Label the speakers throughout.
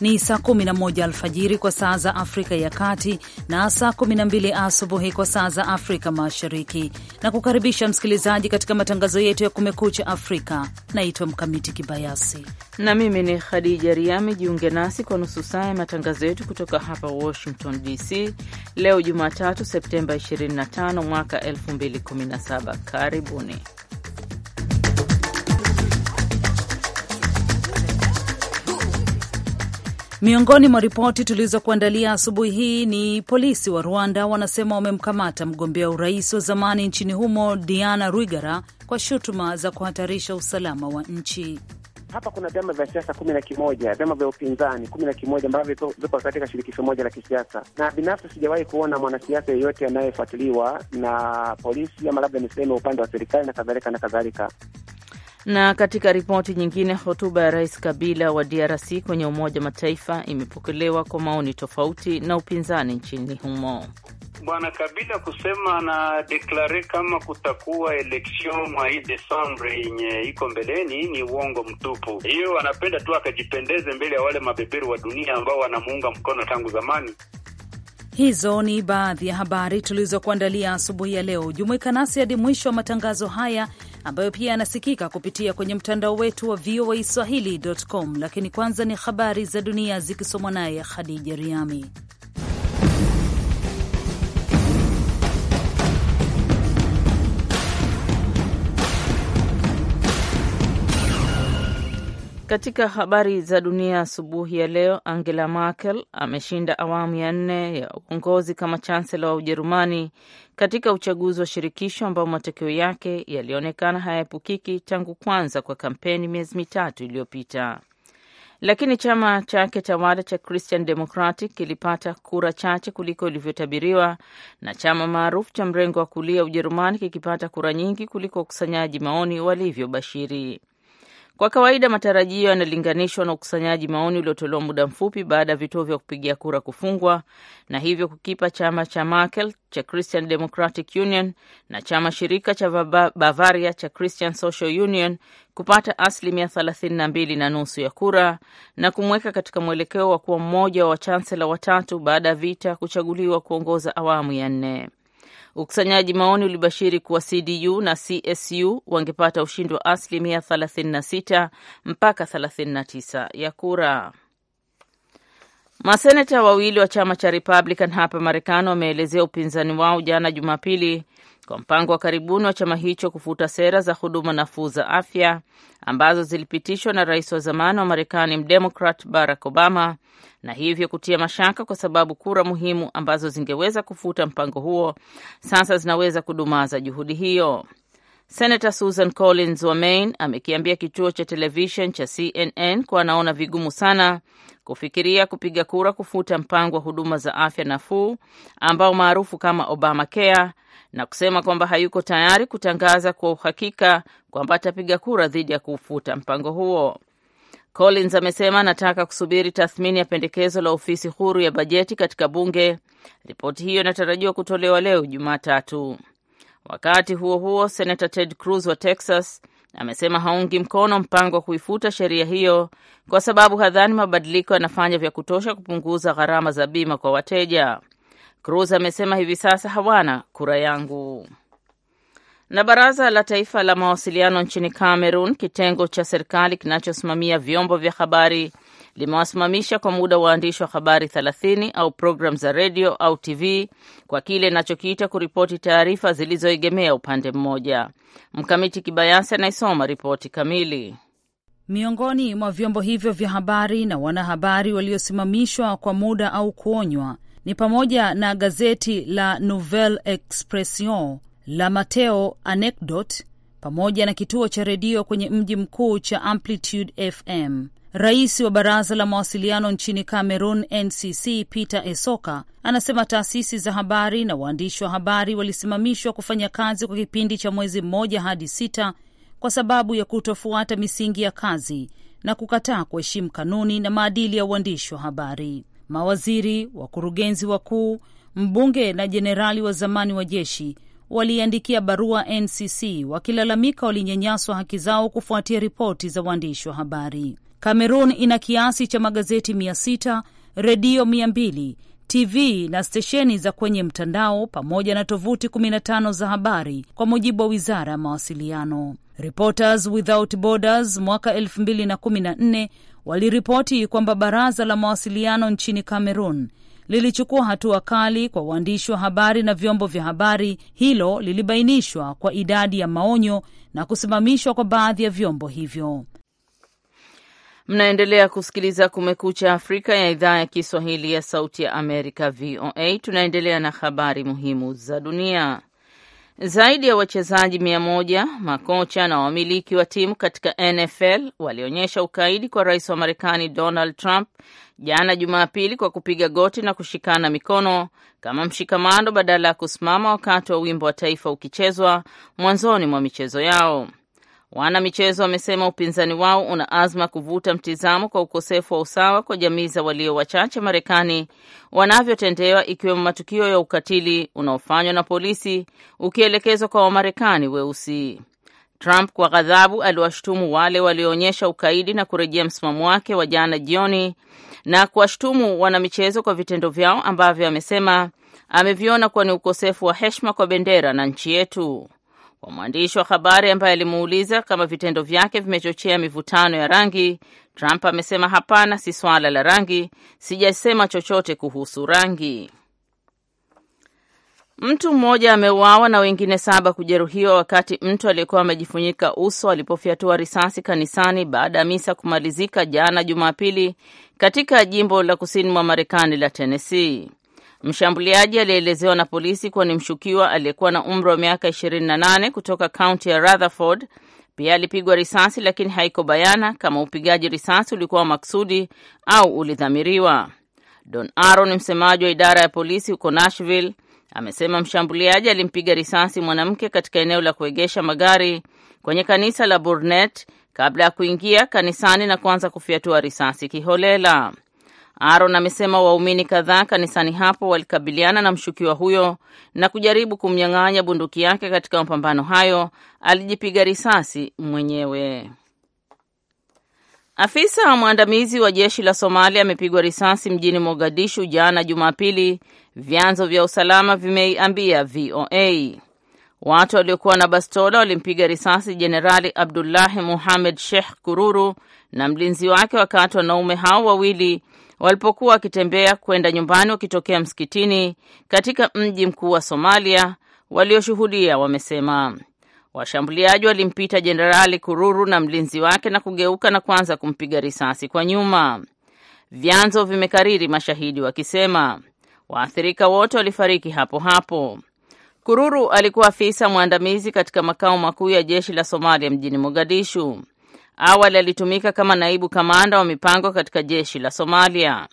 Speaker 1: ni saa 11 alfajiri kwa saa za Afrika ya Kati na saa 12 asubuhi kwa saa za Afrika Mashariki, na kukaribisha msikilizaji katika matangazo yetu ya Kumekucha Afrika. Naitwa Mkamiti Kibayasi
Speaker 2: na mimi ni Khadija Riami. Jiunge nasi kwa nusu saa ya matangazo yetu kutoka hapa Washington DC leo Jumatatu, Septemba 25 mwaka 2017. Karibuni.
Speaker 1: Miongoni mwa ripoti tulizokuandalia asubuhi hii ni polisi wa Rwanda wanasema wamemkamata mgombea urais wa zamani nchini humo Diana Rwigara kwa shutuma za kuhatarisha usalama wa nchi.
Speaker 3: Hapa kuna vyama vya siasa kumi na kimoja, vyama vya upinzani kumi na kimoja ambavyo viko katika shirikisho moja la kisiasa, na binafsi sijawahi kuona mwanasiasa yeyote anayefuatiliwa na polisi ama labda niseme upande wa serikali na kadhalika na kadhalika.
Speaker 2: Na katika ripoti nyingine, hotuba ya Rais Kabila wa DRC kwenye Umoja Mataifa imepokelewa kwa maoni tofauti na upinzani nchini humo.
Speaker 4: Bwana Kabila kusema na deklare kama kutakuwa election mwai Desembre yenye iko mbeleni ni uongo mtupu. Hiyo anapenda tu akajipendeze mbele ya wale mabeberu wa dunia ambao wanamuunga mkono tangu zamani.
Speaker 1: Hizo ni baadhi ya habari tulizokuandalia asubuhi ya leo. Jumuika nasi hadi mwisho wa matangazo haya ambayo pia yanasikika kupitia kwenye mtandao wetu wa VOA Swahili.com. Lakini kwanza ni habari za dunia zikisomwa naye Khadija Riami.
Speaker 2: Katika habari za dunia asubuhi ya leo, Angela Merkel ameshinda awamu ya nne ya uongozi kama chansela wa Ujerumani katika uchaguzi wa shirikisho ambao matokeo yake yalionekana hayaepukiki tangu kwanza kwa kampeni miezi mitatu iliyopita, lakini chama chake tawala cha Christian Democratic kilipata kura chache kuliko ilivyotabiriwa na chama maarufu cha mrengo wa kulia Ujerumani kikipata kura nyingi kuliko wakusanyaji maoni walivyobashiri. Kwa kawaida matarajio yanalinganishwa na ukusanyaji maoni uliotolewa muda mfupi baada ya vituo vya kupigia kura kufungwa na hivyo kukipa chama cha Merkel cha Christian Democratic Union na chama shirika cha Bavaria cha Christian Social Union kupata asilimia thelathini na mbili na nusu ya kura na kumweka katika mwelekeo wa kuwa mmoja wa chansela watatu baada ya vita kuchaguliwa kuongoza awamu ya nne. Ukusanyaji maoni ulibashiri kuwa CDU na CSU wangepata ushindi wa asilimia 36 mpaka 39 ya kura. Maseneta wawili wa chama cha Republican hapa Marekani wameelezea upinzani wao jana Jumapili kwa mpango wa karibuni wa chama hicho kufuta sera za huduma nafuu za afya ambazo zilipitishwa na rais wa zamani wa Marekani mdemokrat Barack Obama na hivyo kutia mashaka kwa sababu kura muhimu ambazo zingeweza kufuta mpango huo sasa zinaweza kudumaza juhudi hiyo. Senator Susan Collins wa Maine amekiambia kituo cha televishen cha CNN kuwa anaona vigumu sana kufikiria kupiga kura kufuta mpango wa huduma za afya nafuu ambao maarufu kama Obamacare na kusema kwamba hayuko tayari kutangaza kwa uhakika kwamba atapiga kura dhidi ya kufuta mpango huo. Collins amesema anataka kusubiri tathmini ya pendekezo la ofisi huru ya bajeti katika bunge. Ripoti hiyo inatarajiwa kutolewa leo Jumatatu. Wakati huo huo, senata Ted Cruz wa Texas amesema haungi mkono mpango wa kuifuta sheria hiyo kwa sababu hadhani mabadiliko yanafanya vya kutosha kupunguza gharama za bima kwa wateja. Cruz amesema hivi sasa hawana kura yangu. Na baraza la taifa la mawasiliano nchini Cameroon, kitengo cha serikali kinachosimamia vyombo vya habari limewasimamisha kwa muda waandishi wa habari 30 au programu za redio au TV kwa kile inachokiita kuripoti taarifa zilizoegemea upande mmoja. Mkamiti Kibayasi anaisoma ripoti kamili.
Speaker 1: Miongoni mwa vyombo hivyo vya habari na wanahabari waliosimamishwa kwa muda au kuonywa ni pamoja na gazeti la Nouvelle Expression la Mateo Anecdote pamoja na kituo cha redio kwenye mji mkuu cha Amplitude FM. Rais wa baraza la mawasiliano nchini Cameroon, NCC, Peter Esoka anasema taasisi za habari na waandishi wa habari walisimamishwa kufanya kazi kwa kipindi cha mwezi mmoja hadi sita kwa sababu ya kutofuata misingi ya kazi na kukataa kuheshimu kanuni na maadili ya uandishi wa habari. Mawaziri, wakurugenzi wakuu, mbunge na jenerali wa zamani wa jeshi waliandikia barua NCC wakilalamika walinyanyaswa haki zao kufuatia ripoti za waandishi wa habari. Kamerun ina kiasi cha magazeti mia sita, redio mia mbili, TV na stesheni za kwenye mtandao pamoja na tovuti 15 za habari kwa mujibu wa Wizara ya Mawasiliano. Reporters Without Borders mwaka 2014 waliripoti kwamba baraza la mawasiliano nchini Cameroon lilichukua hatua kali kwa waandishi wa habari na vyombo vya habari. Hilo lilibainishwa kwa idadi ya maonyo na kusimamishwa kwa baadhi ya vyombo hivyo.
Speaker 2: Mnaendelea kusikiliza Kumekucha Afrika ya idhaa ya Kiswahili ya Sauti ya Amerika, VOA. Tunaendelea na habari muhimu za dunia. Zaidi ya wachezaji mia moja, makocha na wamiliki wa timu katika NFL walionyesha ukaidi kwa rais wa Marekani Donald Trump jana Jumapili kwa kupiga goti na kushikana mikono kama mshikamano badala ya kusimama wakati wa wimbo wa taifa ukichezwa mwanzoni mwa michezo yao. Wanamichezo wamesema upinzani wao una azma kuvuta mtizamo kwa ukosefu wa usawa kwa jamii za walio wachache Marekani wanavyotendewa, ikiwemo matukio ya ukatili unaofanywa na polisi ukielekezwa kwa Wamarekani weusi. Trump kwa ghadhabu aliwashutumu wale walioonyesha ukaidi na kurejea msimamo wake wa jana jioni na kuwashutumu wanamichezo kwa vitendo vyao ambavyo amesema ameviona kuwa ni ukosefu wa heshima kwa bendera na nchi yetu kwa mwandishi wa habari ambaye alimuuliza kama vitendo vyake vimechochea mivutano ya rangi. Trump amesema hapana, si swala la rangi, sijasema chochote kuhusu rangi. Mtu mmoja ameuawa na wengine saba kujeruhiwa wakati mtu aliyekuwa amejifunyika uso alipofyatua risasi kanisani baada ya misa kumalizika jana Jumapili katika jimbo la kusini mwa Marekani la Tennessee. Mshambuliaji alielezewa na polisi kuwa ni mshukiwa aliyekuwa na umri wa miaka 28 kutoka kaunti ya Rutherford. Pia alipigwa risasi, lakini haiko bayana kama upigaji risasi ulikuwa maksudi au ulidhamiriwa. Don Aro ni msemaji wa idara ya polisi huko Nashville, amesema mshambuliaji alimpiga risasi mwanamke katika eneo la kuegesha magari kwenye kanisa la Burnet kabla ya kuingia kanisani na kuanza kufyatua risasi kiholela. Aaron amesema waumini kadhaa kanisani hapo walikabiliana na mshukiwa huyo na kujaribu kumnyang'anya bunduki yake. Katika mapambano hayo, alijipiga risasi mwenyewe. Afisa mwandamizi wa jeshi la Somalia amepigwa risasi mjini Mogadishu jana Jumapili, vyanzo vya usalama vimeiambia VOA. Watu waliokuwa na bastola walimpiga risasi Jenerali Abdullahi Muhamed Sheikh Kururu na mlinzi wake wakati wanaume hao wawili walipokuwa wakitembea kwenda nyumbani wakitokea msikitini katika mji mkuu wa Somalia. Walioshuhudia wamesema washambuliaji walimpita Jenerali Kururu na mlinzi wake na kugeuka na kuanza kumpiga risasi kwa nyuma. Vyanzo vimekariri mashahidi wakisema waathirika wote walifariki hapo hapo. Kururu alikuwa afisa mwandamizi katika makao makuu ya jeshi la Somalia mjini Mogadishu. Awali alitumika kama naibu kamanda wa mipango katika jeshi la Somalia.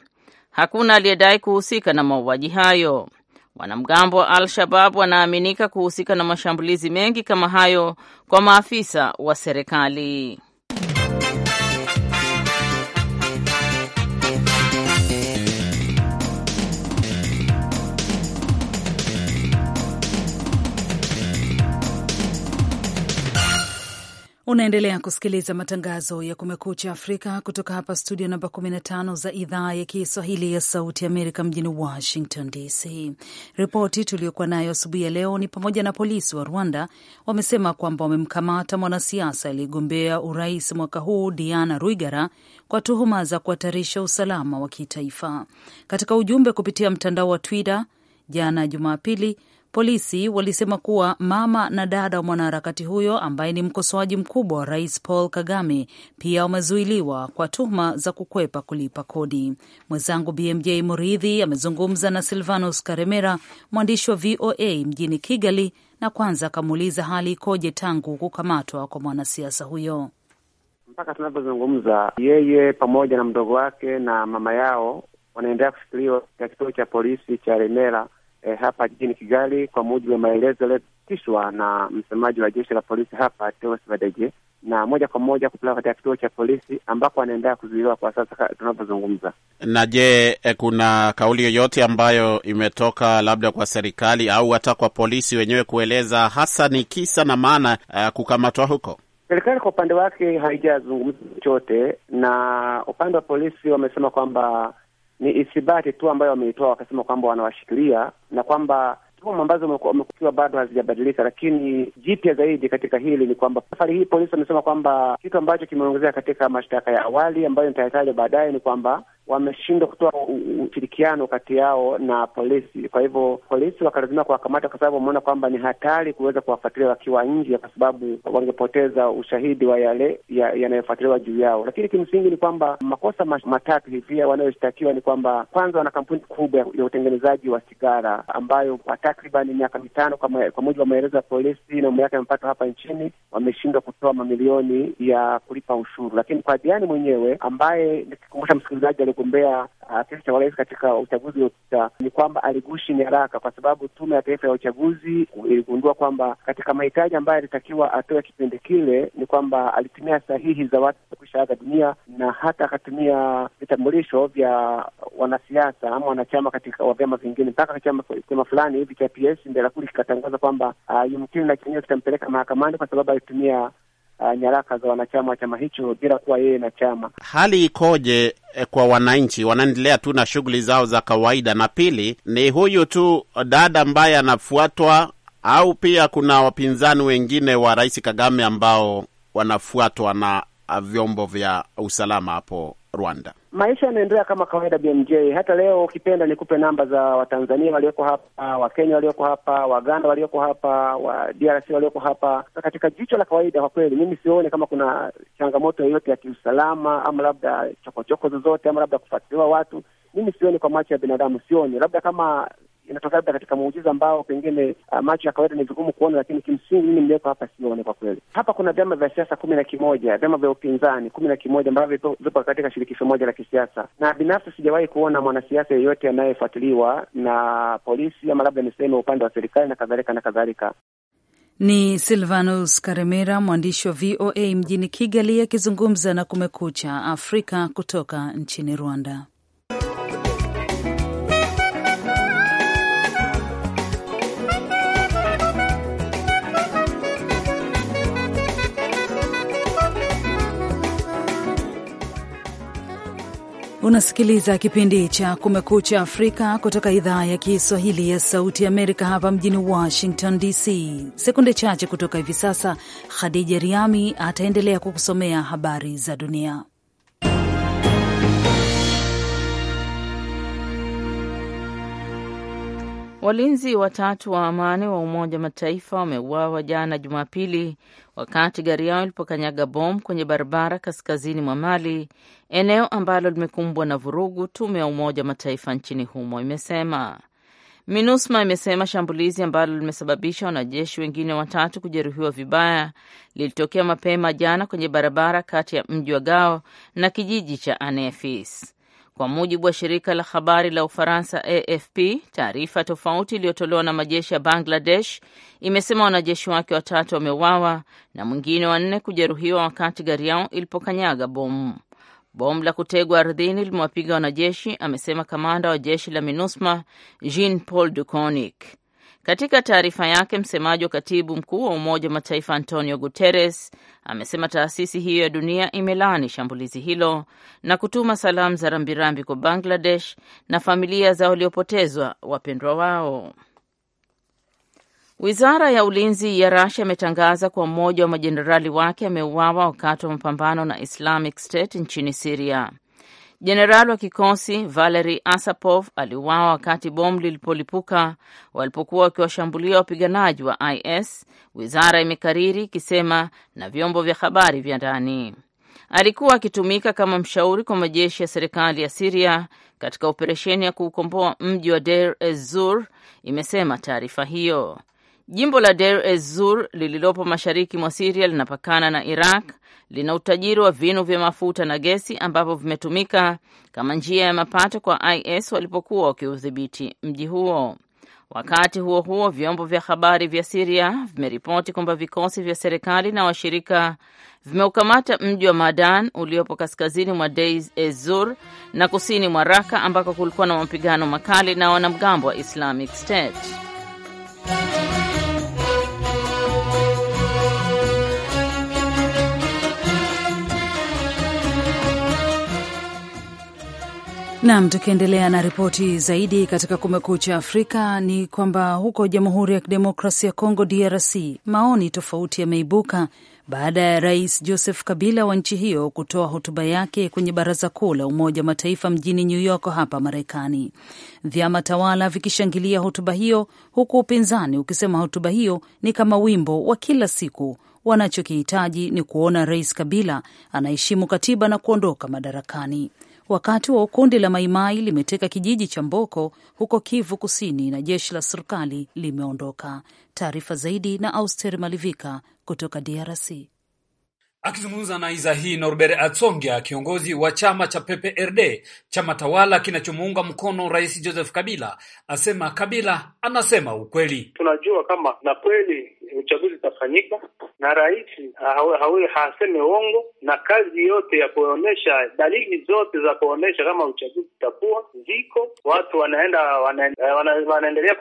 Speaker 2: Hakuna aliyedai kuhusika na mauaji hayo. Wanamgambo wa Al-Shabab wanaaminika kuhusika na mashambulizi mengi kama hayo kwa maafisa wa serikali.
Speaker 1: Unaendelea kusikiliza matangazo ya Kumekucha Afrika kutoka hapa studio namba 15 za idhaa ya Kiswahili ya Sauti Amerika mjini Washington DC. Ripoti tuliyokuwa nayo asubuhi ya leo ni pamoja na polisi wa Rwanda wamesema kwamba wamemkamata mwanasiasa aliyegombea urais mwaka huu Diana Rwigara kwa tuhuma za kuhatarisha usalama wa kitaifa. Katika ujumbe kupitia mtandao wa Twitter jana Jumapili, Polisi walisema kuwa mama na dada wa mwanaharakati huyo ambaye ni mkosoaji mkubwa wa rais Paul Kagame pia wamezuiliwa kwa tuhuma za kukwepa kulipa kodi. Mwenzangu BMJ Muridhi amezungumza na Silvanus Karemera, mwandishi wa VOA mjini Kigali, na kwanza akamuuliza hali ikoje tangu kukamatwa kwa mwanasiasa huyo. Mpaka
Speaker 3: tunavyozungumza yeye pamoja na mdogo wake na mama yao wanaendelea kushikiliwa katika kituo cha polisi cha Remera eh, hapa jijini Kigali, kwa mujibu wa maelezo yaliyopitishwa na msemaji wa jeshi la polisi hapa Teos Badege, na moja kwa moja kupelekwa katika kituo cha polisi ambako anaendelea kuzuiliwa kwa sasa tunavyozungumza.
Speaker 5: Na je, eh, kuna kauli yoyote ambayo imetoka labda kwa serikali au hata kwa polisi wenyewe kueleza hasa ni kisa na maana uh, kukamatwa huko?
Speaker 3: Serikali kwa upande wake haijazungumza chochote, na upande wa polisi wamesema kwamba ni ithibati tu ambayo wameitoa wakasema kwamba wanawashikilia na kwamba tuhuma ambazo wamekukiwa bado hazijabadilika. Lakini jipya zaidi katika hili ni kwamba safari hii polisi wamesema kwamba kitu ambacho kimeongezea katika mashtaka ya awali ambayo nitaitaja baadaye ni kwamba wameshindwa kutoa ushirikiano kati yao na polisi. Kwa hivyo polisi wakalazima kuwakamata, kwa sababu wameona kwamba ni hatari kuweza kuwafuatilia wakiwa nje, kwa sababu wangepoteza ushahidi wa yale yanayofuatiliwa ya juu yao. Lakini kimsingi ni kwamba makosa matatu hivia wanayoshtakiwa ni kwamba, kwanza, wana kampuni kubwa ya utengenezaji wa sigara ambayo kwa takriban miaka mitano, kwa mujibu wa maelezo ya polisi na mamlaka yake mapato hapa nchini, wameshindwa kutoa mamilioni ya kulipa ushuru. Lakini kwa Diani mwenyewe ambaye nikikumbusha msikilizaji aligombea kiti uh, cha urais katika uchaguzi uliopita ni kwamba aligushi nyaraka, kwa sababu Tume ya Taifa ya Uchaguzi iligundua kwamba katika mahitaji ambayo alitakiwa atoe kipindi kile ni kwamba alitumia sahihi za watu kuisha aga dunia na hata akatumia vitambulisho vya wanasiasa ama wanachama katika wa vyama vingine, mpaka chama fulani hivi cha PS kuli kikatangaza kwamba uh, yumkini na chenyewe kitampeleka mahakamani kwa sababu alitumia uh, nyaraka za wanachama wa chama hicho bila kuwa yeye na chama.
Speaker 5: Hali ikoje eh, kwa wananchi? Wanaendelea tu na shughuli zao za kawaida? Na pili, ni huyu tu dada ambaye anafuatwa au pia kuna wapinzani wengine wa Rais Kagame ambao wanafuatwa na uh, vyombo vya usalama hapo Rwanda?
Speaker 3: maisha yanaendelea kama kawaida BMJ. Hata leo ukipenda nikupe namba za Watanzania walioko hapa, Wakenya walioko hapa, Waganda walioko hapa, wa DRC walioko hapa. Katika jicho la kawaida, kwa kweli mimi sione kama kuna changamoto yoyote ya kiusalama ama labda chokochoko zozote ama labda kufuatiliwa watu. Mimi sioni kwa macho ya binadamu, sioni labda kama inatoka labda katika muujiza ambao pengine uh, macho ya kawaida ni vigumu kuona, lakini kimsingi mimi nimewekwa hapa sione kwa kweli. Hapa kuna vyama vya siasa kumi na kimoja vyama vya upinzani kumi na kimoja ambavyo vipo katika shirikisho moja la kisiasa, na binafsi sijawahi kuona mwanasiasa yeyote anayefuatiliwa na polisi ama labda niseme upande wa serikali na kadhalika na kadhalika.
Speaker 1: Ni Silvanus Karemera, mwandishi wa VOA mjini Kigali, akizungumza na Kumekucha Afrika kutoka nchini Rwanda. Unasikiliza kipindi cha Kumekucha Afrika kutoka idhaa ya Kiswahili ya Sauti ya Amerika hapa mjini Washington DC. Sekunde chache kutoka hivi sasa, Khadija Riami ataendelea kukusomea habari za
Speaker 2: dunia. Walinzi watatu wa amani wa Umoja Mataifa wameuawa jana Jumapili wakati gari yao ilipokanyaga bomu kwenye barabara kaskazini mwa Mali, eneo ambalo limekumbwa na vurugu. Tume ya Umoja Mataifa nchini humo imesema. MINUSMA imesema shambulizi ambalo limesababisha wanajeshi wengine watatu kujeruhiwa vibaya lilitokea mapema jana kwenye barabara kati ya mji wa Gao na kijiji cha Anefis. Kwa mujibu wa shirika la habari la Ufaransa AFP, taarifa tofauti iliyotolewa na majeshi ya Bangladesh imesema wanajeshi wake watatu wameuawa na mwingine wanne kujeruhiwa wakati gari yao ilipokanyaga bomu. Bomu la kutegwa ardhini limewapiga wanajeshi, amesema kamanda wa jeshi la MINUSMA Jean Paul Duconic. Katika taarifa yake, msemaji wa katibu mkuu wa Umoja wa Mataifa Antonio Guterres amesema taasisi hiyo ya dunia imelaani shambulizi hilo na kutuma salamu za rambirambi kwa Bangladesh na familia za waliopotezwa wapendwa wao. Wizara ya ulinzi ya Rasia imetangaza kuwa mmoja wa majenerali wake ameuawa wakati wa mapambano na Islamic State nchini Siria. Jenerali wa kikosi Valery Asapov aliuawa wakati bomu lilipolipuka walipokuwa wakiwashambulia wapiganaji wa IS, wizara imekariri ikisema na vyombo vya habari vya ndani. Alikuwa akitumika kama mshauri kwa majeshi ya serikali ya Siria katika operesheni ya kuukomboa mji wa Deir ez-Zur, imesema taarifa hiyo. Jimbo la Deir ez lililopo mashariki mwa Siria linapakana na Iraq, lina utajiri wa vinu vya mafuta na gesi ambavyo vimetumika kama njia ya mapato kwa IS walipokuwa wakiudhibiti mji huo. Wakati huo huo, vyombo vya habari vya Siria vimeripoti kwamba vikosi vya serikali na washirika vimeukamata mji wa Madan uliopo kaskazini mwa Deir ezur na kusini mwa Raka ambako kulikuwa na mapigano makali na wanamgambo wa Islamic State.
Speaker 1: Nam, tukiendelea na ripoti zaidi katika Kumekucha Afrika ni kwamba huko Jamhuri ya Kidemokrasia ya Kongo, DRC, maoni tofauti yameibuka baada ya Rais Joseph Kabila wa nchi hiyo kutoa hotuba yake kwenye Baraza Kuu la Umoja wa Mataifa mjini New York hapa Marekani, vyama tawala vikishangilia hotuba hiyo, huku upinzani ukisema hotuba hiyo ni kama wimbo wa kila siku. Wanachokihitaji ni kuona Rais Kabila anaheshimu katiba na kuondoka madarakani wakati wa kundi la Maimai limeteka kijiji cha Mboko huko Kivu Kusini na jeshi la serikali limeondoka. Taarifa zaidi na Auster Malivika kutoka DRC.
Speaker 6: Akizungumza na iza hii Norbert Atsongia, kiongozi wa chama cha PPRD, chama tawala kinachomuunga mkono Rais Joseph Kabila, asema Kabila anasema ukweli.
Speaker 4: Tunajua kama na kweli
Speaker 3: uchaguzi utafanyika na rais haseme uongo, na kazi yote ya kuonesha dalili zote za kuonesha kama uchaguzi utakuwa ziko, watu wanaenda wanaendelea wana, wana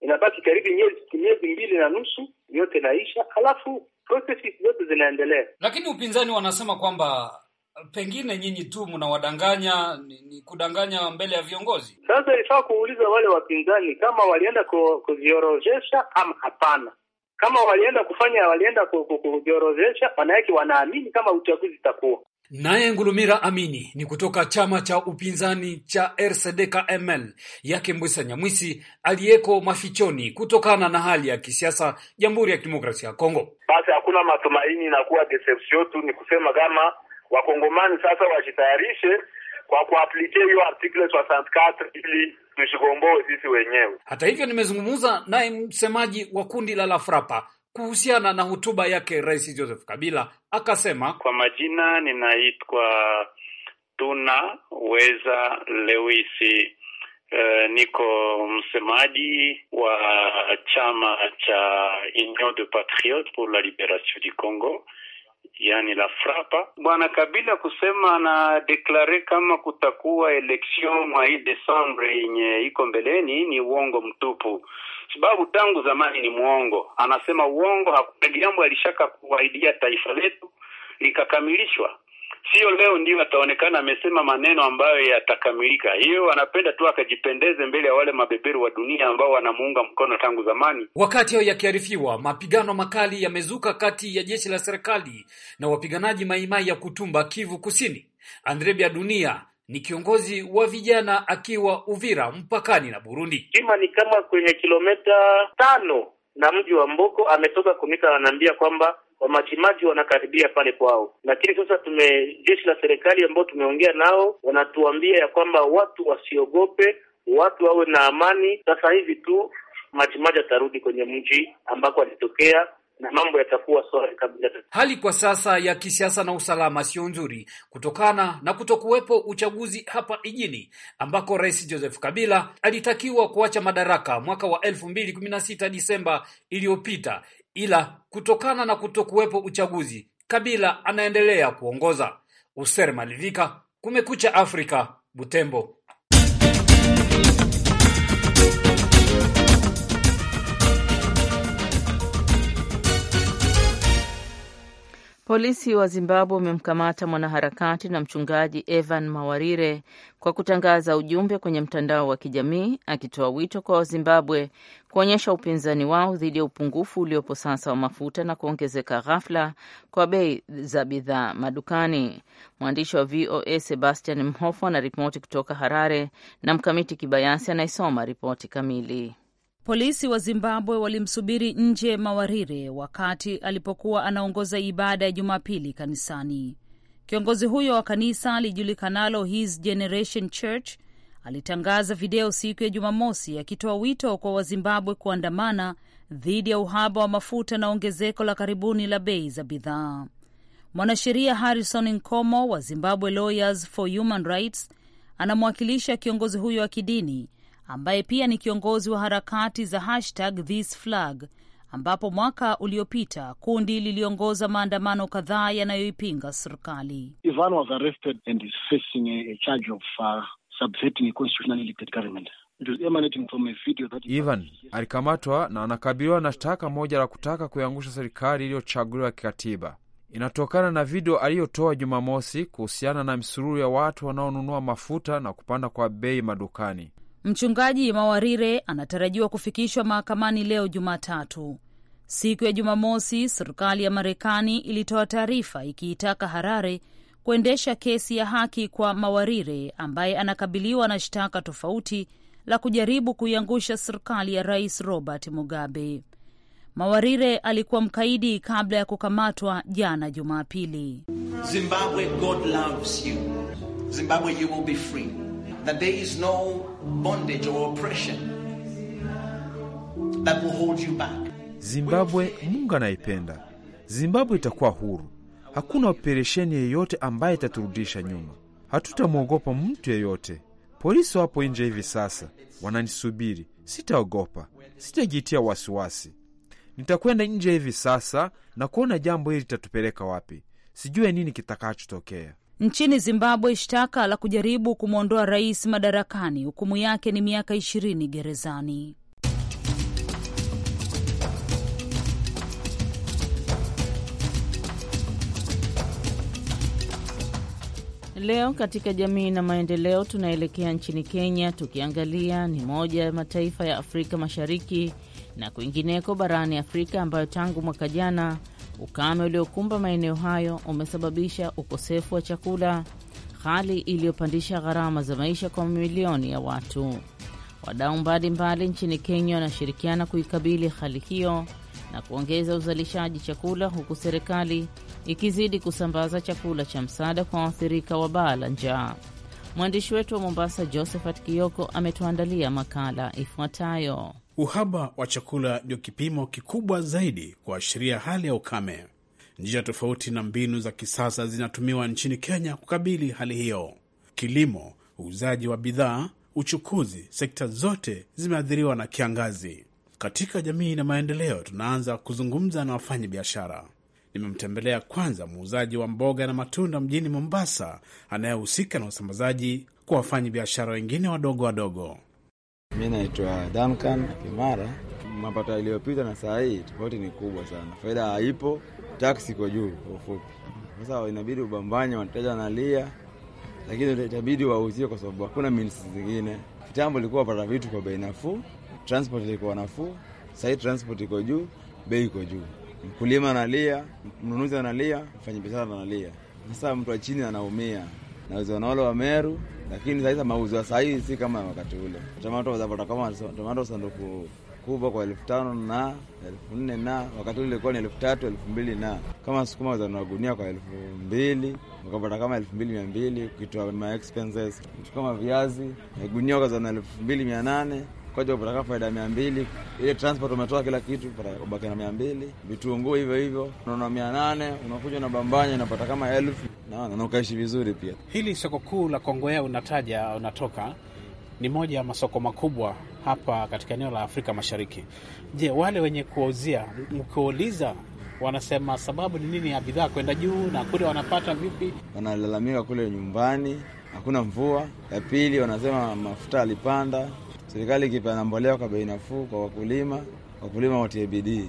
Speaker 3: Inabaki karibu miezi mbili na nusu, yote naisha, halafu processes zote zinaendelea,
Speaker 6: lakini upinzani wanasema kwamba uh, pengine nyinyi tu mnawadanganya, ni kudanganya mbele ya viongozi. Sasa
Speaker 3: ilifaa kuuliza wale wapinzani kama walienda kuziorozesha ama hapana. Kama walienda kufanya, walienda kuziorozesha maana wanaamini kama uchaguzi itakuwa
Speaker 6: Naye Ngulumira Amini ni kutoka chama cha upinzani cha RCD-KML yake Mbwisa Nyamwisi aliyeko mafichoni kutokana na hali ya kisiasa Jamhuri ya Kidemokrasia ya Kongo.
Speaker 4: Basi hakuna matumaini na kuwa deception tu, ni kusema kama wakongomani sasa wajitayarishe kwa kuaplike hiyo article 64 ili tushikomboe sisi wenyewe. Hata
Speaker 6: hivyo, nimezungumza naye msemaji wa kundi la Lafrapa Kuhusiana na hotuba yake, Rais Joseph Kabila akasema, kwa majina
Speaker 4: ninaitwa Tuna Weza Lewisi. Uh, niko msemaji wa chama cha Union de Patriotes pour la Liberation du Congo yani la Frapa. Bwana Kabila kusema na deklare kama kutakuwa election mwa hii Desembre yenye iko mbeleni ni uongo mtupu, sababu tangu zamani ni mwongo, anasema uongo. Hakuna jambo alishaka kuahidia taifa letu likakamilishwa sio leo ndio ataonekana amesema maneno ambayo yatakamilika. Hiyo anapenda tu akajipendeze mbele ya wale mabeberu wa dunia ambao wanamuunga mkono tangu zamani.
Speaker 6: Wakati hayo yakiarifiwa, mapigano makali yamezuka kati ya jeshi la serikali na wapiganaji maimai ya Kutumba, Kivu Kusini. Andre Dunia ni kiongozi wa vijana akiwa Uvira mpakani na Burundi. Kima ni kama kwenye kilometa tano na mji wa Mboko,
Speaker 3: ametoka kunika, ananiambia kwamba wamajimaji wanakaribia pale kwao, lakini sasa tume jeshi la serikali ambao tumeongea nao wanatuambia ya kwamba watu wasiogope, watu wawe na amani. Sasa hivi tu majimaji atarudi kwenye mji ambako alitokea na mambo yatakuwa swali kabisa.
Speaker 6: Hali kwa sasa ya kisiasa na usalama sio nzuri kutokana na kutokuwepo uchaguzi hapa ijini ambako Rais Joseph Kabila alitakiwa kuacha madaraka mwaka wa elfu mbili kumi na sita Disemba iliyopita ila kutokana na kutokuwepo uchaguzi Kabila anaendelea kuongoza. Usser Malivika, Kumekucha Afrika, Butembo.
Speaker 2: Polisi wa Zimbabwe wamemkamata mwanaharakati na mchungaji Evan Mawarire kwa kutangaza ujumbe kwenye mtandao wa kijamii akitoa wito kwa Wazimbabwe kuonyesha upinzani wao dhidi ya upungufu uliopo sasa wa mafuta na kuongezeka ghafla kwa bei za bidhaa madukani. Mwandishi wa VOA Sebastian Mhofu anaripoti kutoka Harare na Mkamiti Kibayasi anaisoma ripoti kamili.
Speaker 1: Polisi wa Zimbabwe walimsubiri nje Mawarire wakati alipokuwa anaongoza ibada ya Jumapili kanisani. Kiongozi huyo wa kanisa alijulikanalo His Generation Church alitangaza video siku ya Jumamosi akitoa wito kwa Wazimbabwe kuandamana dhidi ya uhaba wa mafuta na ongezeko la karibuni la bei za bidhaa. Mwanasheria Harrison Nkomo wa Zimbabwe Lawyers for Human Rights anamwakilisha kiongozi huyo wa kidini ambaye pia ni kiongozi wa harakati za hashtag This Flag, ambapo mwaka uliopita kundi liliongoza maandamano kadhaa yanayoipinga serikali.
Speaker 3: Ivan was arrested and is facing a charge of uh, subverting a elected government.
Speaker 5: Ivan alikamatwa na anakabiliwa na shtaka moja la kutaka kuiangusha serikali iliyochaguliwa kikatiba. Inatokana na video aliyotoa Jumamosi kuhusiana na misururu ya watu wanaonunua mafuta na kupanda kwa bei madukani.
Speaker 1: Mchungaji Mawarire anatarajiwa kufikishwa mahakamani leo Jumatatu. Siku ya Jumamosi, serikali ya Marekani ilitoa taarifa ikiitaka Harare kuendesha kesi ya haki kwa Mawarire ambaye anakabiliwa na shtaka tofauti la kujaribu kuiangusha serikali ya Rais Robert Mugabe. Mawarire alikuwa mkaidi kabla ya kukamatwa jana Jumapili.
Speaker 7: Zimbabwe, God loves you. Zimbabwe, you will be free. There is no bondage or oppression that will hold you back.
Speaker 5: Zimbabwe, Mungu anaipenda Zimbabwe, itakuwa huru. Hakuna operesheni yeyote ambaye itaturudisha nyuma. Hatutamwogopa mtu yeyote. Polisi wapo nje hivi sasa wananisubiri. Sitaogopa, sitajitia wasiwasi. Nitakwenda nje hivi sasa na kuona jambo hili litatupeleka wapi. Sijue nini kitakachotokea.
Speaker 1: Nchini Zimbabwe, shtaka la kujaribu kumwondoa rais madarakani, hukumu yake ni miaka ishirini gerezani.
Speaker 2: Leo katika jamii na maendeleo, tunaelekea nchini Kenya, tukiangalia ni moja ya mataifa ya Afrika Mashariki na kwingineko barani Afrika ambayo tangu mwaka jana Ukame uliokumba maeneo hayo umesababisha ukosefu wa chakula, hali iliyopandisha gharama za maisha kwa mamilioni ya watu. Wadau mbalimbali nchini Kenya wanashirikiana kuikabili hali hiyo na kuongeza uzalishaji chakula, huku serikali ikizidi kusambaza chakula cha msaada kwa waathirika wa baa la njaa. Mwandishi wetu wa Mombasa, Josephat Kioko, ametuandalia makala ifuatayo.
Speaker 5: Uhaba wa chakula ndio kipimo kikubwa zaidi kuashiria hali ya ukame. Njia tofauti na mbinu za kisasa zinatumiwa nchini Kenya kukabili hali hiyo. Kilimo, uuzaji wa bidhaa, uchukuzi, sekta zote zimeathiriwa na kiangazi. Katika jamii na maendeleo, tunaanza kuzungumza na wafanya biashara. Nimemtembelea kwanza muuzaji wa mboga na matunda mjini Mombasa, anayehusika na usambazaji kwa wafanyi biashara wengine wadogo wadogo.
Speaker 7: Mi naitwa Duncan Kimara. Mapato iliyopita na saa hii tofauti ni kubwa sana, faida haipo, taksi iko juu kwa ufupi. Sasa inabidi ubambanye, wateja wanalia, lakini itabidi wauzie kwa sababu hakuna minsi zingine. Kitambo ilikuwa wapata vitu kwa bei nafuu, transport ilikuwa nafuu, sahii transport iko juu, bei iko juu, mkulima analia, mnunuzi analia, mfanyabiashara analia. Sasa mtu wa chini anaumia nauziwa na wale wa Meru, lakini saizi mauzo ya sahii si kama wakati ule. Tomato wazapata kama tomato sanduku kubwa kwa elfu tano na elfu nne na wakati ule ilikuwa ni elfu tatu elfu mbili na kama sukuma wazanua gunia kwa elfu mbili ukapata kama elfu mbili mia mbili ukitoa ma expenses kama viazi gunia ukazanua elfu mbili mia nane kwa kwaja utaka faida mia mbili ile transport umetoa kila kitu, ubaki na mia mbili vitunguu hivyo hivyo, unaona mia nane unakuja na bambanya unapata kama elfu naona na ukaishi vizuri. Pia hili soko kuu la Kongowea unataja unatoka ni moja ya masoko
Speaker 5: makubwa hapa katika eneo la Afrika Mashariki. Je, wale wenye kuuzia mkiuliza wanasema sababu ni nini ya bidhaa kwenda juu na kule wanapata vipi?
Speaker 7: Wanalalamika kule nyumbani hakuna mvua. Ya pili wanasema mafuta alipanda, serikali ikipana mbolea kwa bei nafuu kwa wakulima, wakulima watie bidii.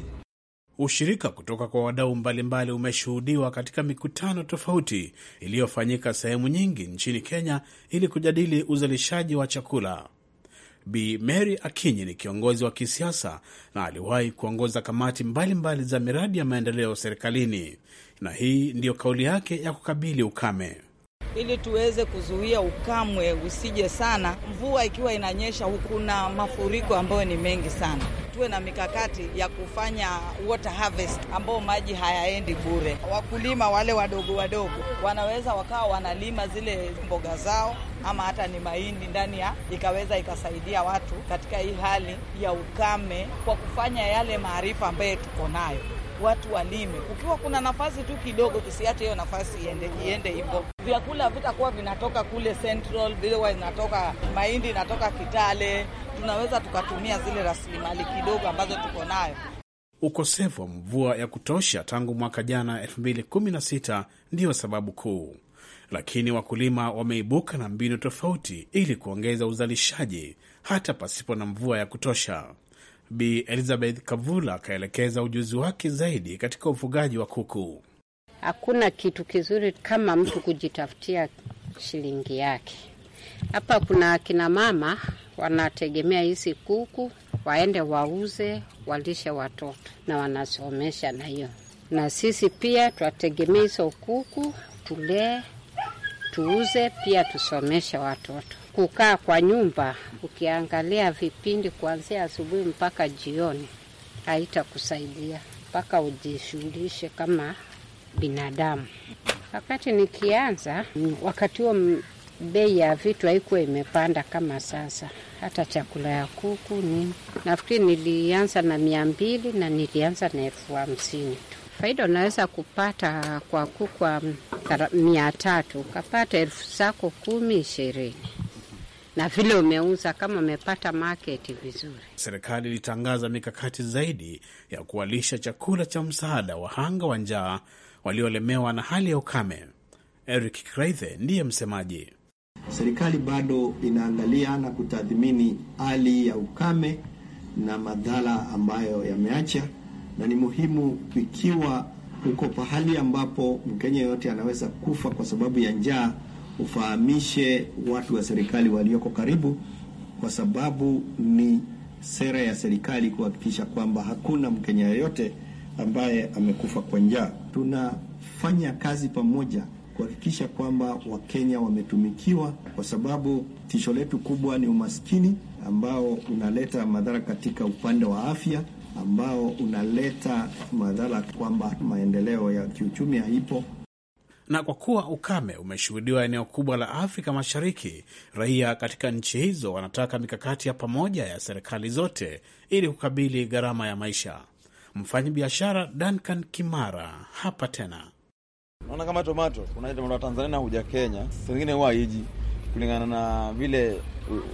Speaker 5: Ushirika kutoka kwa wadau mbalimbali umeshuhudiwa katika mikutano tofauti iliyofanyika sehemu nyingi nchini Kenya ili kujadili uzalishaji wa chakula. Bi Mary Akinyi ni kiongozi wa kisiasa na aliwahi kuongoza kamati mbalimbali mbali za miradi ya maendeleo serikalini, na hii ndiyo kauli yake ya kukabili ukame
Speaker 2: ili tuweze kuzuia ukamwe usije sana. Mvua ikiwa inanyesha kuna mafuriko ambayo ni mengi sana, tuwe na mikakati ya kufanya water harvest, ambao maji hayaendi bure. Wakulima wale wadogo wadogo wanaweza wakawa wanalima zile mboga zao ama hata ni mahindi ndani ya ikaweza ikasaidia watu katika hii hali ya ukame, kwa kufanya yale maarifa ambayo tuko nayo watu walime. Ukiwa kuna nafasi tu kidogo, tusiache hiyo nafasi iende iende hivyo. Vyakula vitakuwa vinatoka kule Central, vile inatoka mahindi, inatoka Kitale. Tunaweza tukatumia zile rasilimali kidogo ambazo tuko nayo.
Speaker 5: Ukosefu wa mvua ya kutosha tangu mwaka jana 2016 ndiyo sababu kuu, lakini wakulima wameibuka na mbinu tofauti ili kuongeza uzalishaji hata pasipo na mvua ya kutosha. Bi Elizabeth Kavula akaelekeza ujuzi wake zaidi katika ufugaji wa kuku.
Speaker 8: Hakuna kitu kizuri kama mtu kujitafutia shilingi yake. Hapa kuna akina mama wanategemea hizi kuku, waende wauze, walishe watoto na wanasomesha na hiyo, na sisi pia twategemea hizo kuku, tulee, tuuze pia tusomeshe watoto kukaa kwa nyumba ukiangalia vipindi kuanzia asubuhi mpaka jioni haitakusaidia, mpaka ujishughulishe kama binadamu. Wakati nikianza, wakati huo bei ya vitu haikuwa imepanda kama sasa, hata chakula ya kuku nini. Nafikiri nilianza na mia mbili na nilianza na elfu hamsini tu. Faida unaweza kupata kwa kuku mia tatu, ukapata elfu zako kumi ishirini na vile umeuza, kama umepata market vizuri.
Speaker 5: Serikali ilitangaza mikakati zaidi ya kuwalisha chakula cha msaada wahanga wa njaa waliolemewa na hali ya ukame. Eric Kraithe ndiye msemaji.
Speaker 4: Serikali bado inaangalia na kutathmini hali ya ukame na madhara ambayo yameacha, na ni muhimu ikiwa uko pahali ambapo Mkenya yoyote anaweza kufa kwa sababu ya njaa ufahamishe watu wa serikali walioko karibu, kwa sababu ni sera ya serikali kuhakikisha kwamba hakuna Mkenya yeyote ambaye amekufa kwa njaa. Tunafanya kazi pamoja kuhakikisha kwamba Wakenya wametumikiwa, kwa sababu tisho letu kubwa ni umaskini ambao unaleta madhara katika upande wa afya ambao unaleta madhara kwamba maendeleo ya kiuchumi haipo.
Speaker 5: Na kwa kuwa ukame umeshuhudiwa eneo kubwa la Afrika Mashariki, raia katika nchi hizo wanataka mikakati ya pamoja ya serikali zote ili kukabili gharama ya maisha. Mfanyabiashara Duncan Kimara hapa tena,
Speaker 7: naona kama tomato unaita Tanzania na huja Kenya, pengine huwa hiji kulingana na vile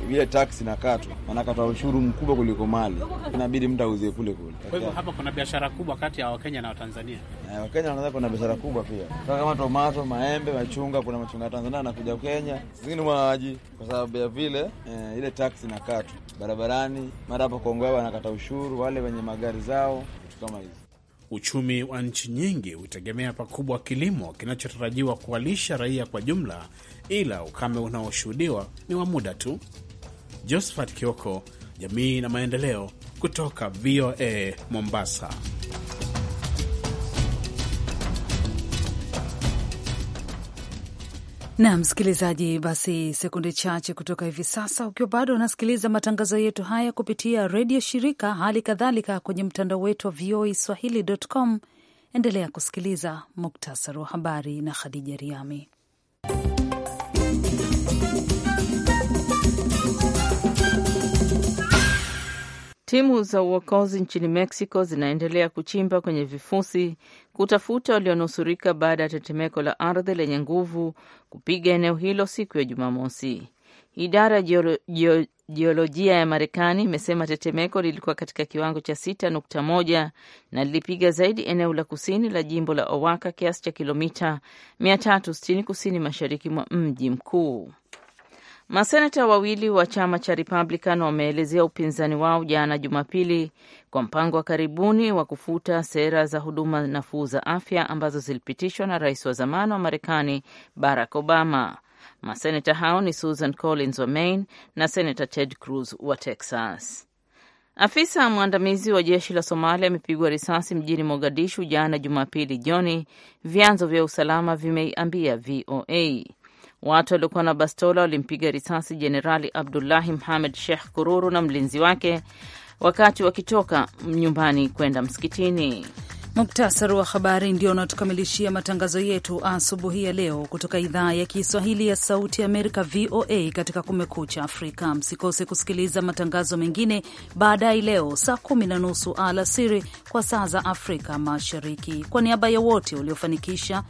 Speaker 7: vile taksi inakatwa, wanakata ushuru mkubwa kuliko mali, inabidi mtu auzie kule kule. Kwa hivyo
Speaker 5: hapa kuna biashara kubwa kati ya
Speaker 7: Wakenya na Watanzania. Eh, Wakenya wanaweza kuna biashara kubwa pia, kama tomato, maembe, machunga. Kuna machunga ya Tanzania anakuja Kenya, zingine mwaaji kwa sababu ya vile eh, ile taksi inakatwa barabarani. Mara hapo Kongoa wanakata ushuru wale wenye magari zao, vitu kama hizi.
Speaker 5: Uchumi wa nchi nyingi hutegemea pakubwa kilimo kinachotarajiwa kuwalisha raia kwa jumla ila ukame unaoshuhudiwa ni wa muda tu. Josephat Kioko, jamii na maendeleo, kutoka VOA Mombasa.
Speaker 1: na msikilizaji, basi sekunde chache kutoka hivi sasa, ukiwa bado unasikiliza matangazo yetu haya kupitia redio shirika, hali kadhalika kwenye mtandao wetu wa VOA Swahili.com, endelea kusikiliza muktasari wa habari na Khadija Riami.
Speaker 2: Timu za uokozi nchini Mexico zinaendelea kuchimba kwenye vifusi kutafuta walionusurika baada ya tetemeko la ardhi lenye nguvu kupiga eneo hilo siku ya Jumamosi. Idara ya jiolo, jiolojia ya Marekani imesema tetemeko lilikuwa katika kiwango cha 6.1 na lilipiga zaidi eneo la kusini la jimbo la Owaka kiasi cha kilomita 360 kusini mashariki mwa mji mkuu. Maseneta wawili wa chama cha Republican wameelezea upinzani wao jana Jumapili kwa mpango wa karibuni wa kufuta sera za huduma nafuu za afya ambazo zilipitishwa na rais wa zamani wa Marekani Barack Obama. Maseneta hao ni Susan Collins wa Maine na Senata Ted Cruz wa Texas. Afisa mwandamizi wa jeshi la Somalia amepigwa risasi mjini Mogadishu jana Jumapili jioni, vyanzo vya usalama vimeiambia VOA. Watu waliokuwa na bastola walimpiga risasi Jenerali Abdullahi Mohamed Sheikh Kururu na mlinzi wake wakati wakitoka nyumbani kwenda msikitini.
Speaker 1: Muktasari wa habari ndio unatukamilishia matangazo yetu asubuhi ya leo kutoka idhaa ya Kiswahili ya Sauti Amerika, VOA, katika Kumekucha Afrika. Msikose kusikiliza matangazo mengine baadaye leo saa kumi na nusu alasiri kwa saa za Afrika Mashariki. Kwa niaba ya wote waliofanikisha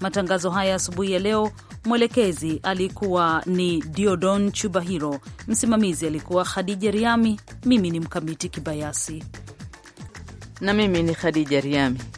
Speaker 1: matangazo haya asubuhi ya leo, mwelekezi alikuwa ni Diodon Chubahiro, msimamizi alikuwa Khadija Riami, mimi ni Mkamiti Kibayasi na mimi ni Khadija Riami.